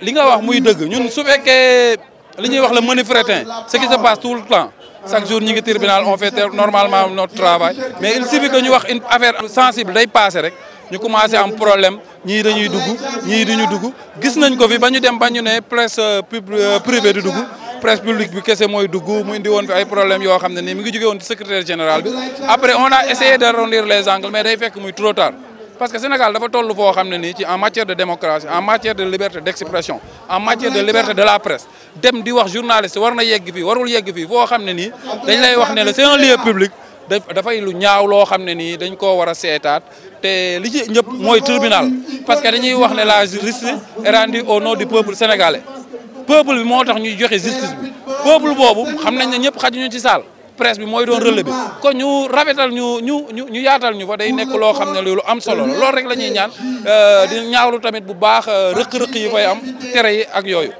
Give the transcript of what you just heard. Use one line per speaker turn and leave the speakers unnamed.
li nga wax muy dëgg ñun su fekkee li ñuy wax le menu fretin ce qui se passe tout le temps chaque jour ñi ngi tribunal on fait normalement notre travail mais il suffit que ñu wax une affaire day passé rek ñu commencé am problème ñii dañuy dugg ñii ñu dugg gis nañ ko fi ba ñu dem ba ñu ne presse euh, euh, privée du dugg presse publique bi kese mooy dugg mu indi woon fi ay problème yoo xam ne nii mi ngi jóge woon ci secrétaire général bi après on a essayé parce que Sénégal dafa toll foo xam ne en matière de démocratie en matière de liberté d'expression en matière de liberté de la presse dem di wax journaliste warna na yegg fii warul yegg fii foo xam ne nii dañ lay wax ne c'est un lieu public dafay lu ñaaw lo xam ni, nii dañ koo war a seetaat te li ci ñëpp mooy tribunal parce que dañuy wax ne la justice est rendue au nom du peuple sénégalais peuple bi moo tax ñuy joxe justice bi peuple boobu xam nañ ne ñëpp xajuñu ci presse bi mooy doon relais bi kon ñu rafetal ñu ñu ñu ñu yaatal ñu fa day nekk loo xam ne lu am solo loolu rek la ñuy ñaan euh, di ñaawlu tamit bu baax euh, rëq-rëq yi fay am tere yi ak yooyu